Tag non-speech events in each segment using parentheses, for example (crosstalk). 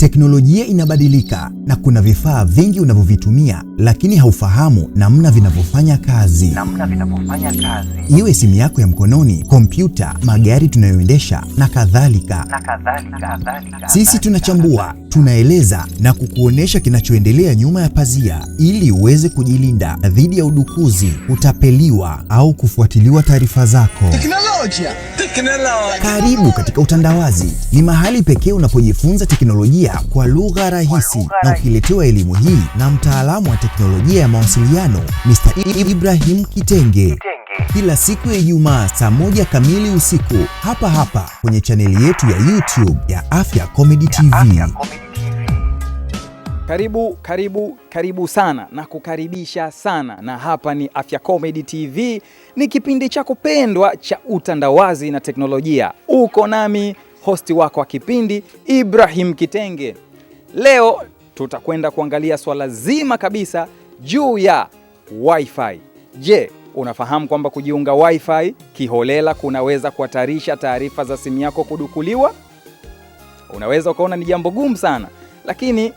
Teknolojia inabadilika na kuna vifaa vingi unavyovitumia lakini haufahamu namna vinavyofanya kazi. Namna vinavyofanya kazi. Iwe simu yako ya mkononi, kompyuta, magari tunayoendesha na kadhalika. Na kadhalika. Sisi tunachambua tunaeleza na kukuonesha kinachoendelea nyuma ya pazia ili uweze kujilinda dhidi ya udukuzi, kutapeliwa au kufuatiliwa taarifa zako. Teknolojia. Teknolojia. Karibu katika Utandawazi, ni mahali pekee unapojifunza teknolojia kwa lugha rahisi na ukiletewa elimu hii na mtaalamu wa teknolojia ya mawasiliano Mr. Ibrahim Kitenge kila siku ya Ijumaa saa moja kamili usiku hapa hapa kwenye chaneli yetu ya YouTube ya Afya Comedy TV. Karibu, karibu, karibu sana na kukaribisha sana, na hapa ni Afya Comedy TV, ni kipindi cha kupendwa cha utandawazi na teknolojia. Uko nami hosti wako wa kipindi Ibrahim Kitenge. Leo tutakwenda kuangalia swala zima kabisa juu ya Wi-Fi. Je, unafahamu kwamba kujiunga Wi-Fi kiholela kunaweza kuhatarisha taarifa za simu yako kudukuliwa? Unaweza ukaona ni jambo gumu sana, lakini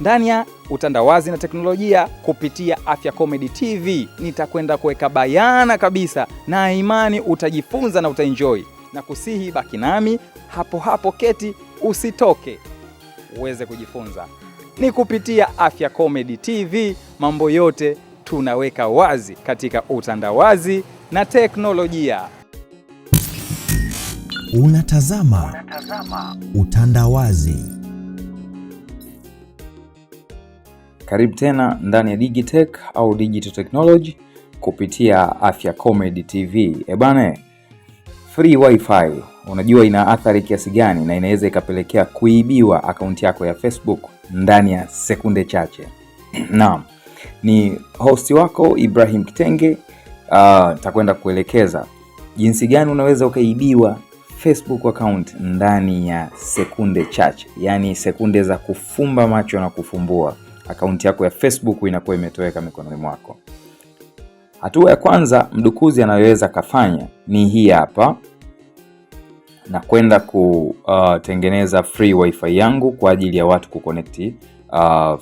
ndani ya utandawazi na teknolojia kupitia Afya Comedy TV. Nitakwenda kuweka bayana kabisa, na imani utajifunza na utaenjoy, na kusihi baki nami hapo hapo, keti usitoke, uweze kujifunza. Ni kupitia Afya Comedy TV, mambo yote tunaweka wazi katika utandawazi na teknolojia. Unatazama, unatazama utandawazi. Karibu tena ndani ya Digitech au Digital Technology kupitia Afya Comedy TV. E bane, free wifi unajua ina athari kiasi gani, na inaweza ikapelekea kuibiwa akaunti yako ya Facebook ndani ya sekunde chache. (clears throat) Naam, ni hosti wako Ibrahim Kitenge. Uh, ah, takwenda kuelekeza jinsi gani unaweza ukaibiwa Facebook account ndani ya sekunde chache, yaani sekunde za kufumba macho na kufumbua akaunti yako ya Facebook inakuwa imetoweka mikononi mwako. Hatua ya kwanza mdukuzi anayoweza kafanya ni hii hapa, na kwenda kutengeneza free wifi yangu kwa ajili ya watu kukonekti Uh,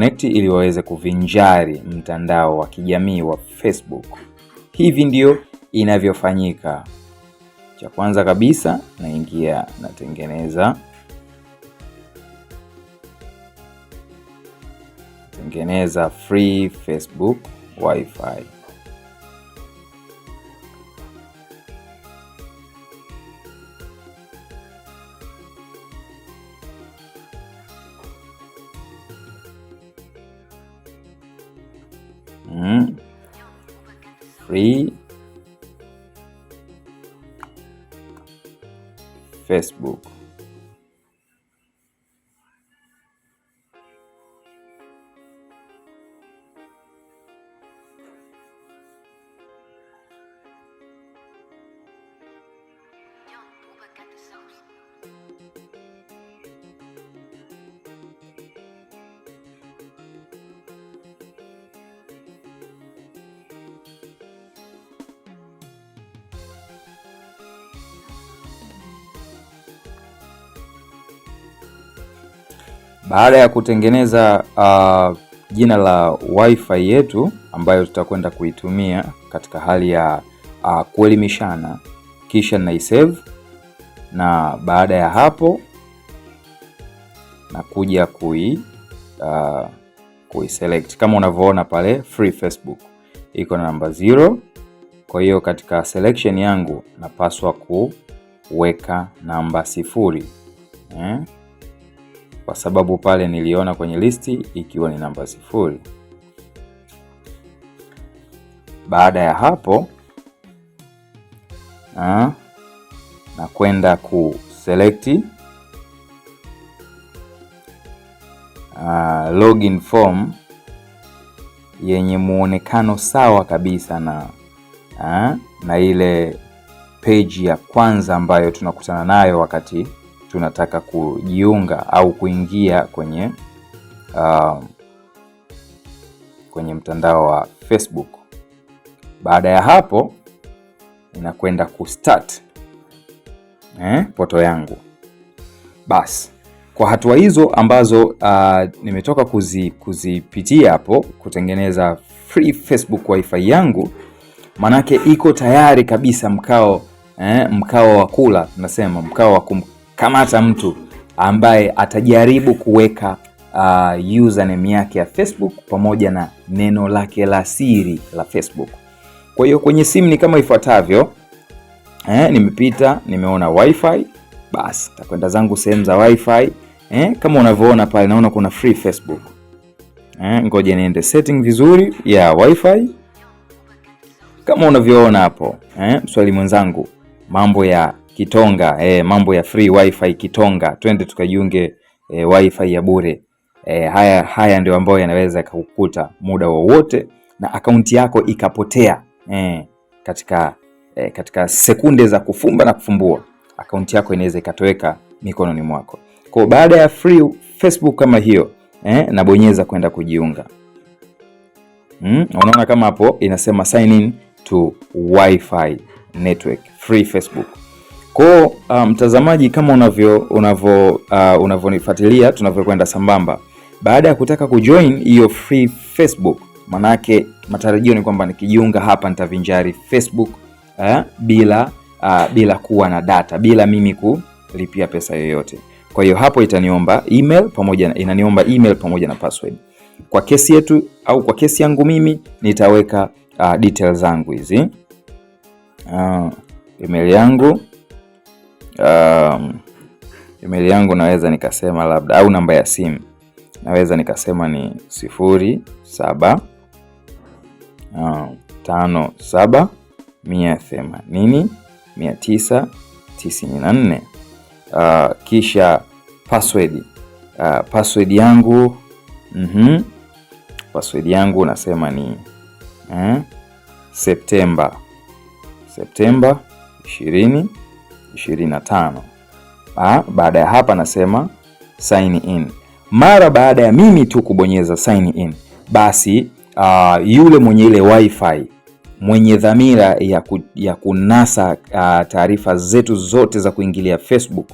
uh, ili waweze kuvinjari mtandao wa kijamii wa Facebook. Hivi ndio inavyofanyika. Cha kwanza kabisa naingia natengeneza tengeneza free Facebook Wi-Fi. Mm. Free Facebook Baada ya kutengeneza uh, jina la wifi yetu ambayo tutakwenda kuitumia katika hali ya uh, kuelimishana, kisha naisave, na baada ya hapo nakuja kui uh, kuiselect kama unavyoona pale free Facebook iko na namba zero. Kwa hiyo katika selection yangu napaswa kuweka namba sifuri eh? kwa sababu pale niliona kwenye listi ikiwa ni namba sifuri. Baada ya hapo na, ah, na kwenda ku select uh, login form yenye muonekano sawa kabisa na uh, na ile page ya kwanza ambayo tunakutana nayo wakati tunataka kujiunga au kuingia kwenye uh, kwenye mtandao wa Facebook. Baada ya hapo inakwenda kustart eh, poto yangu. Basi kwa hatua hizo ambazo uh, nimetoka kuzipitia hapo kutengeneza free Facebook wifi yangu, manake iko tayari kabisa mkao eh, mkao wa kula tunasema mkao wa kamata mtu ambaye atajaribu kuweka uh, username yake ya Facebook pamoja na neno lake la siri la Facebook. Kwa hiyo kwenye simu ni kama ifuatavyo. Eh, nimepita nimeona wifi, basi takwenda zangu sehemu za wifi. Eh, kama unavyoona pale naona kuna free Facebook. Eh, ngoja niende setting vizuri ya yeah, wifi kama unavyoona hapo eh, mswali mwenzangu, mambo ya Kitonga eh, mambo ya free wifi Kitonga, twende tukajiunge eh, wifi ya bure eh, haya, haya ndio ambayo yanaweza yakakukuta muda wowote na akaunti yako ikapotea eh, katika, eh, katika sekunde za kufumba na kufumbua akaunti yako inaweza ikatoweka mikononi mwako. Kwa baada ya free Facebook kama hiyo eh, nabonyeza kwenda kujiunga. Mm, unaona kama hapo inasema sign in to wifi network free Facebook uh, mtazamaji, kama unavyo unavyo uh, unavyonifuatilia tunavyokwenda sambamba, baada ya kutaka kujoin hiyo free Facebook, manake matarajio ni kwamba nikijiunga hapa nitavinjari Facebook uh, bila uh, bila kuwa na data, bila mimi kulipia pesa yoyote. Kwa hiyo hapo itaniomba email pamoja na inaniomba email pamoja na password. Kwa kesi yetu au kwa kesi yangu mimi nitaweka uh, details zangu hizi uh, email yangu um, email yangu naweza nikasema labda, au namba ya simu naweza nikasema ni sifuri saba uh, tano saba mia themanini mia tisa tisini na nne. Uh, kisha password uh, password yangu mm -hmm. Password yangu nasema ni eh, Septemba Septemba ishirini 25. Ah, baada ya hapa nasema sign in. Mara baada ya mimi tu kubonyeza sign in, basi uh, yule mwenye ile wifi mwenye dhamira ya, ku, ya kunasa uh, taarifa zetu zote za kuingilia Facebook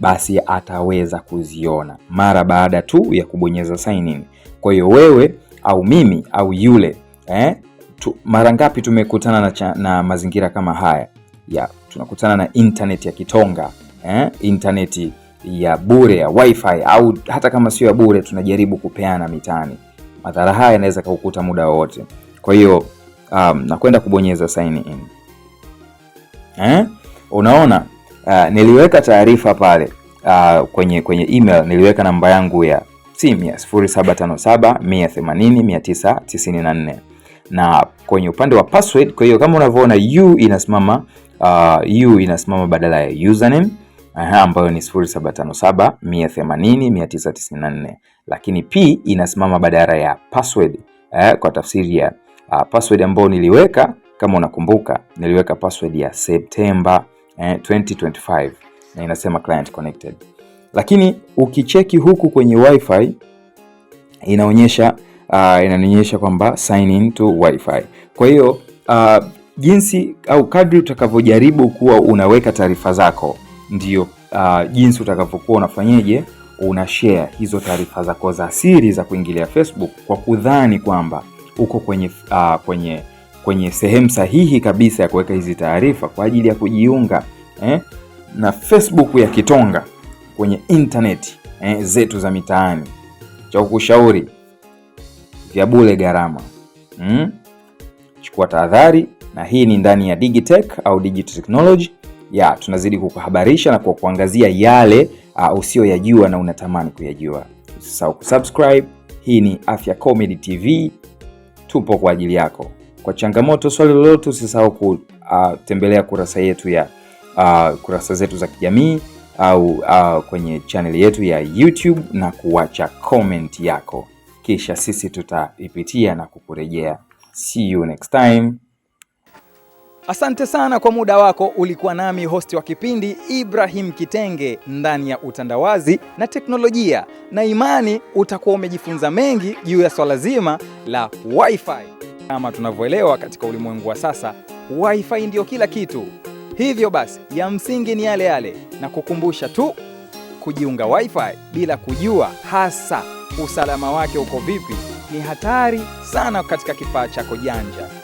basi ataweza kuziona mara baada tu ya kubonyeza sign in. Kwa hiyo wewe au mimi au yule eh, tu, mara ngapi tumekutana na, cha, na mazingira kama haya ya tunakutana na intaneti ya kitonga eh? intaneti ya bure ya wifi, au hata kama sio ya bure tunajaribu kupeana mitaani. Madhara haya yanaweza kaukuta muda wowote. Kwa hiyo um, nakwenda kubonyeza sign in eh? Unaona uh, niliweka taarifa pale uh, kwenye kwenye email niliweka namba yangu ya simu ya 0757 180 994 na kwenye upande wa password. Kwa hiyo kama unavyoona u inasimama uh, u inasimama badala ya username Aha, ambayo ni 0757180994 lakini p inasimama badala ya password eh, kwa tafsiri ya uh, password ambayo niliweka kama unakumbuka, niliweka password ya September eh, 2025 na inasema client connected. Lakini ukicheki huku kwenye wifi inaonyesha uh, inaonyesha kwamba sign in to wifi. Kwa hiyo uh, jinsi au kadri utakavyojaribu kuwa unaweka taarifa zako ndio uh, ah, jinsi utakavyokuwa unafanyeje una share hizo taarifa zako za siri za kuingilia Facebook kwa kudhani kwamba uko kwenye, uh, kwenye, kwenye sehemu sahihi kabisa ya kuweka hizi taarifa kwa ajili ya kujiunga eh, na Facebook ya kitonga kwenye internet eh, zetu za mitaani. Cha kukushauri vya bure gharama, mm? Chukua tahadhari na hii ni ndani ya Digitech au Digital Technology. Ya, tunazidi kukuhabarisha na kwa kuangazia yale uh, usiyoyajua na unatamani kuyajua. Usisahau kusubscribe. Hii ni Afya Comedy TV, tupo kwa ajili yako. Kwa changamoto, swali lolote, usisahau kutembelea kurasa yetu ya uh, kurasa zetu za kijamii au uh, kwenye chaneli yetu ya YouTube na kuacha comment yako, kisha sisi tutaipitia na kukurejea. See you next time. Asante sana kwa muda wako. Ulikuwa nami hosti wa kipindi Ibrahim Kitenge ndani ya utandawazi na teknolojia na imani, utakuwa umejifunza mengi juu ya swala zima la wifi. Kama tunavyoelewa katika ulimwengu wa sasa, wifi ndiyo kila kitu. Hivyo basi, ya msingi ni yale yale na kukumbusha tu kujiunga wifi bila kujua hasa usalama wake uko vipi, ni hatari sana katika kifaa chako janja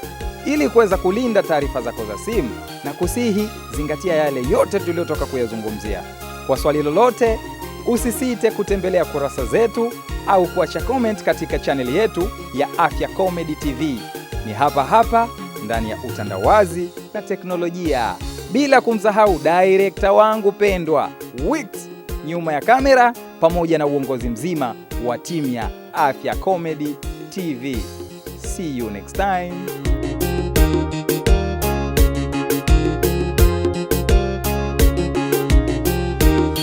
ili kuweza kulinda taarifa zako za simu na kusihi, zingatia yale yote tuliyotoka kuyazungumzia. Kwa swali lolote, usisite kutembelea kurasa zetu au kuacha koment katika chaneli yetu ya Afya Comedy TV. Ni hapa hapa ndani ya utandawazi na teknolojia, bila kumsahau direkta wangu pendwa Wit nyuma ya kamera, pamoja na uongozi mzima wa timu ya Afya Comedy TV. See you next time.